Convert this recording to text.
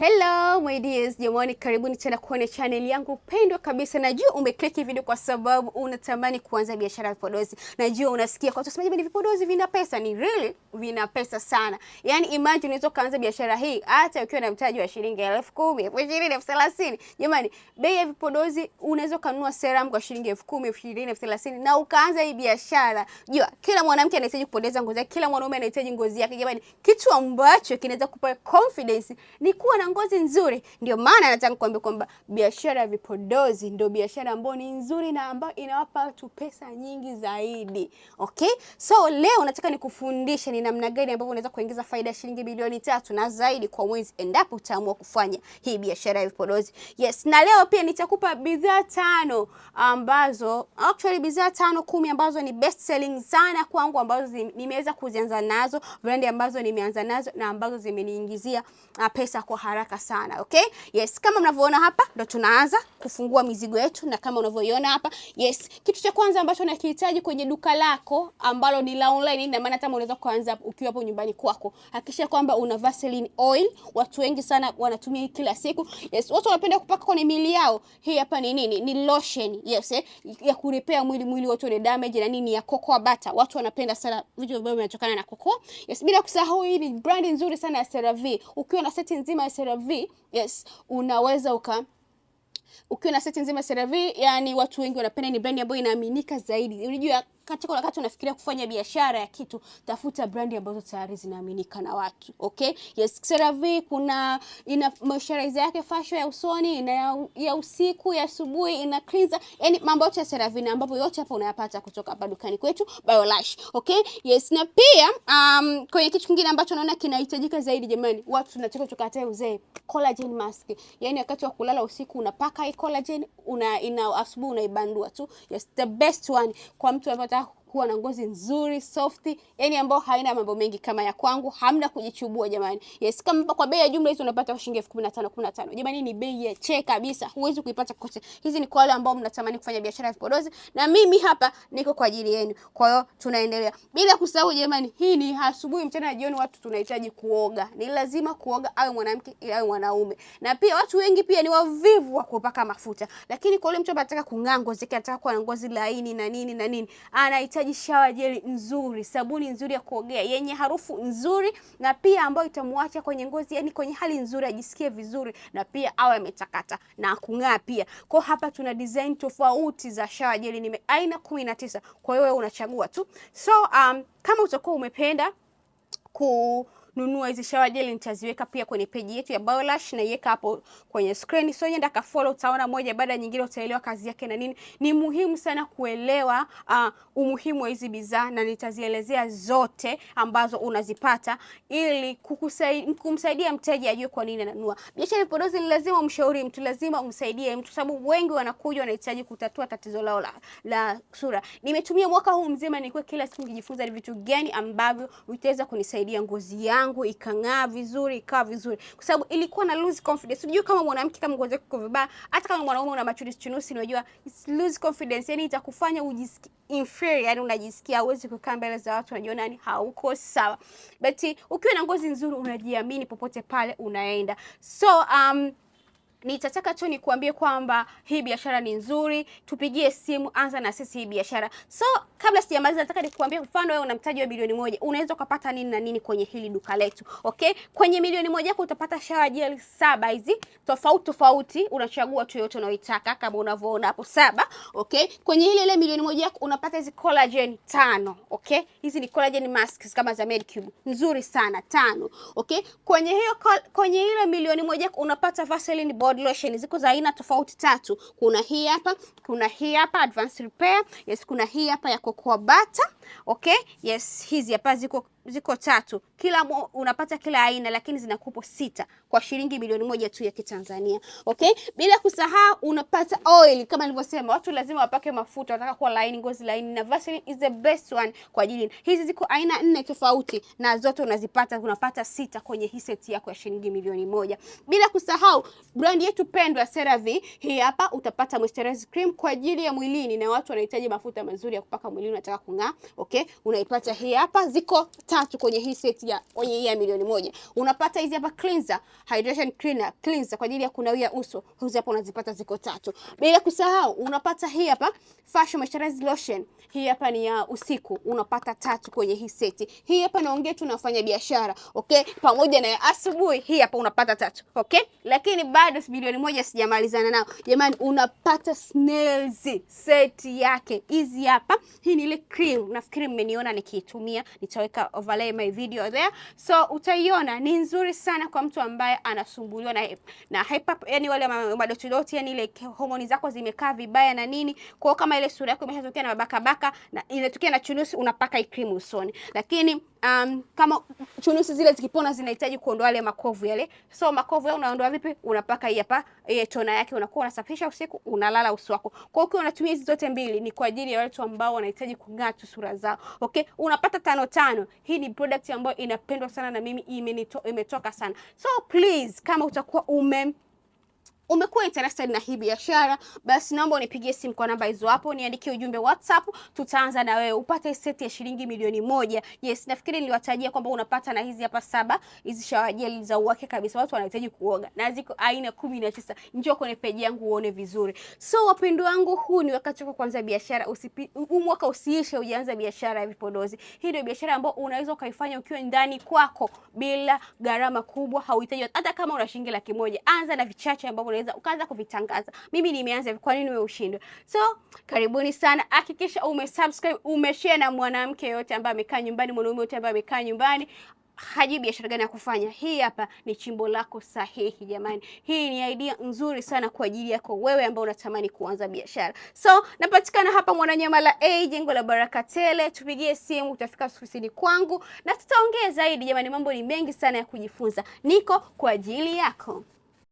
Hello ideas jamani, karibuni tena kwenye channel yangu pendwa kabisa. Najua umeclick video kwa sababu unatamani kuanza biashara ya vipodozi. Najua unasikia kwa watu ni vipodozi vina pesa. Ni really vina pesa sana. Yani imagine unaweza kuanza biashara hii hata ukiwa na mtaji wa shilingi elfu kumi, elfu ishirini, elfu thelathini. Jamani, bei ya vipodozi unaweza kununua serum kwa shilingi elfu kumi, elfu ishirini, elfu thelathini na ukaanza hii biashara. Jua kila mwanamke anahitaji kupendeza ngozi yake, kila mwanaume anahitaji ngozi yake. Jamani, kitu ambacho kinaweza kupa confidence ni kuwa na ngozi nzuri habari. Ndio maana nataka kukuambia kwamba biashara ya vipodozi ndio biashara ambayo ni nzuri na ambayo inawapa watu pesa nyingi zaidi. Okay, so leo nataka nikufundishe ni namna gani ambavyo unaweza kuingiza faida shilingi bilioni tatu na zaidi kwa mwezi endapo utaamua kufanya hii biashara ya vipodozi. Yes, na leo pia nitakupa bidhaa tano ambazo actually bidhaa tano kumi ambazo ni best selling sana kwangu ambazo nimeweza kuzianza nazo, brandi ambazo nimeanza nazo na ambazo zimeniingizia uh, pesa kwa haraka sana. Okay? Yes, kama mnavyoona hapa ndo tunaanza kufungua mizigo yetu na kama unavyoiona hapa. Yes, kitu cha kwanza ambacho nakihitaji kwenye duka lako ambalo ni la online, na maana hata unaweza kuanza ukiwa hapo nyumbani kwako. Hakikisha kwamba una Vaseline oil. Watu wengi sana wanatumia hii kila siku. Yes, watu wanapenda kupaka kwenye miili yao. Hii hapa ni nini? Ni lotion. Yes, eh, ya kurepea mwili mwili wote ni damage na nini ya cocoa butter. Watu wanapenda sana vitu ambavyo vinatokana na cocoa. Yes, bila kusahau hii ni brand nzuri sana ya CeraVe. Ukiwa na seti nzima ya CeraVe yes, unaweza uka ukiwa na seti nzima CeraVe, yani watu wengi wanapenda, ni brand ambayo inaaminika zaidi. Unajua katika wakati unafikiria kufanya biashara ya kitu, tafuta brandi ambazo tayari zinaaminika na watu. Okay, yes, CeraVe kuna ina moisturizer yake fasho ya usoni, ina ya, ya usiku, ya asubuhi, ina cleanser, yani mambo yote ya CeraVe na ambavyo yote hapa unayapata kutoka hapa dukani kwetu BioLash. Okay, yes, na pia um, kwenye kitu kingine ambacho naona kinahitajika zaidi, jamani, watu tunataka tukatae uzee, collagen mask, yani wakati wa kulala usiku unapaka hii collagen una ina asubuhi unaibandua tu. Yes, the best one kwa mtu ambaye kuwa na ngozi nzuri soft, yani ambayo haina mambo mengi kama ya kwangu. Hamna kujichubua jamani. Yes, kama kwa bei ya jumla hizo unapata shilingi 15,000 15,000. Jamani ni bei ya che kabisa. Huwezi kuipata kote. Hizi ni kwa wale ambao mnatamani kufanya biashara ya vipodozi na mimi hapa niko kwa ajili yenu. Kwa hiyo tunaendelea. Bila kusahau jamani, hii ni asubuhi, mchana na jioni watu tunahitaji kuoga. Ni lazima kuoga awe mwanamke awe mwanaume. Na pia watu wengi pia ni wavivu wa kupaka mafuta. Lakini kwa yule mtu anataka kung'aa ngozi yake, anataka kuwa na ngozi laini na nini na nini, anahitaji unahitaji shawa jeli nzuri, sabuni nzuri ya kuogea yenye harufu nzuri, na pia ambayo itamwacha kwenye ngozi, yani kwenye hali nzuri, ajisikie vizuri, na pia awe ametakata na kung'aa pia. Kwa hapa tuna design tofauti za shawa jeli, ni aina 19. Kwa hiyo wewe unachagua tu. So um, kama utakuwa umependa ku nunua hizi shower gel, nitaziweka pia kwenye peji yetu ya Baolash na iweka hapo kwenye screen, so nenda ka follow, utaona moja baada ya nyingine, utaelewa kazi yake na nini. Ni muhimu sana kuelewa uh, umuhimu wa hizi bidhaa, na nitazielezea zote ambazo unazipata ili kukusaidia, kumsaidia mteja ajue kwa nini ananunua. Biashara ya vipodozi ni lazima umshauri mtu, lazima umsaidie mtu, sababu wengi wanakuja wanahitaji kutatua tatizo lao la, la sura. Nimetumia mwaka huu mzima nilikuwa kila siku nikijifunza ni vitu gani ambavyo vitaweza kunisaidia ngozi yangu yangu ikang'aa vizuri, ikawa vizuri, kwa sababu ilikuwa na lose confidence. Unajua kama mwanamke kama ngozi yako iko vibaya, hata kama mwanaume una machunusi chunusi, unajua lose confidence, yani itakufanya ujisikie inferior, yani unajisikia hauwezi kukaa mbele za watu, unajiona nani hauko sawa. But ukiwa na ngozi nzuri, unajiamini popote pale unaenda. So um, nitataka tu nikuambie kwamba hii biashara ni nzuri, tupigie simu, anza na sisi hii biashara. So kabla sijamaliza, nataka nikuambie, mfano wewe una mtaji wa milioni moja, unaweza ukapata nini na nini kwenye hili duka letu? Okay, kwenye milioni moja yako utapata shawa gel saba hizi tofauti tofauti, unachagua tu yote unayotaka kama unavyoona hapo saba. Okay, kwenye ile ile milioni moja yako unapata hizi collagen tano. Okay, hizi ni collagen masks kama za Medcube, nzuri sana tano. Okay, kwenye hiyo kwenye ile milioni moja yako unapata Vaseline body lotion ziko za aina tofauti tatu. Kuna hii hapa, kuna hii hapa advanced repair, yes, kuna hii hapa ya cocoa butter Okay? Yes, hizi hapa ziko ziko tatu. Kila mo, unapata kila aina lakini zinakupo sita kwa shilingi milioni moja tu ya Kitanzania. Okay? Bila kusahau unapata oil kama nilivyosema, watu lazima wapake mafuta, wanataka kuwa laini, ngozi laini na Vaseline is the best one kwa ajili. Hizi ziko aina nne tofauti na zote unazipata, unapata sita kwenye hii seti yako ya shilingi milioni moja. Bila kusahau brand yetu pendwa CeraVe, hii hapa utapata moisturizer cream kwa ajili ya mwilini na watu wanahitaji mafuta mazuri ya kupaka mwilini, unataka kung'aa okay? Unaipata hii hapa, ziko tatu kwenye hii set ya kwenye hii ya milioni moja. Unapata hizi hapa cleanser, hydration cleaner, cleanser kwa ajili ya kunawia uso. Hizi hapa unazipata ziko tatu. Bila kusahau unapata hii hapa facial moisturizing lotion. Hii hapa ni ya usiku, unapata tatu kwenye hii seti. Hii hapa naongea tu na wafanyabiashara, okay? Pamoja na ya asubuhi, hii hapa unapata tatu, okay? Lakini bado milioni moja sijamalizana nao. Jamani unapata snails seti yake. Hizi hapa, hii ni ile cream na nafikiri mmeniona nikiitumia, nitaweka overlay my video there, so utaiona. Ni nzuri sana kwa mtu ambaye anasumbuliwa na na hyper, yani wale madotidoti, yani ile homoni zako zimekaa vibaya na nini. kwao kama ile sura yako imeshatokea na babakabaka na inatokea na chunusi, unapaka hii cream usoni, lakini um, kama chunusi zile zikipona zinahitaji kuondoa yale makovu yale. So makovu yale unaondoa vipi? Unapaka hii hapa ile eh, tona yake, unakuwa unasafisha usiku, unalala uso wako. Kwa hiyo unatumia hizi zote mbili, ni kwa ajili ya watu ambao wanahitaji kung'aa tu sura zao. Okay, unapata tano tano. Hii ni product ambayo inapendwa sana na mimi imetoka sana. So please kama utakuwa ume umekuwa interested na hii biashara, basi naomba unipigie simu kwa namba hizo hapo, niandikie ujumbe WhatsApp, tutaanza na wewe upate seti ya shilingi milioni moja. Yes, nafikiri niliwatajia kwamba unapata na hizi hapa saba, hizi shower gel za uwake kabisa, watu wanahitaji kuoga, na ziko aina 19. Njoo kwenye peji yangu uone vizuri. So wapendo wangu, huu ni wakati wa kuanza biashara. Usipi mwaka usiishe ujaanza biashara ya vipodozi. Hii ndio biashara ambayo unaweza ukaifanya ukiwa ndani kwako bila gharama kubwa, hauhitaji hata kama una shilingi laki moja. Anza na vichache ambavyo Uingereza ukaanza kuvitangaza, mimi nimeanza, kwa nini wewe ushindwe? So karibuni sana, hakikisha umesubscribe, umeshare na mwanamke yote ambaye amekaa nyumbani, mwanaume yote ambaye amekaa nyumbani hajui biashara gani ya kufanya. Hii hapa ni chimbo lako sahihi, jamani. Hii ni idea nzuri sana kwa ajili yako wewe ambao unatamani kuanza biashara. So napatikana hapa Mwananyama la A, jengo la Baraka Tele. Tupigie simu, utafika ofisini kwangu na tutaongea zaidi. Jamani, mambo ni mengi sana ya kujifunza, niko kwa ajili yako.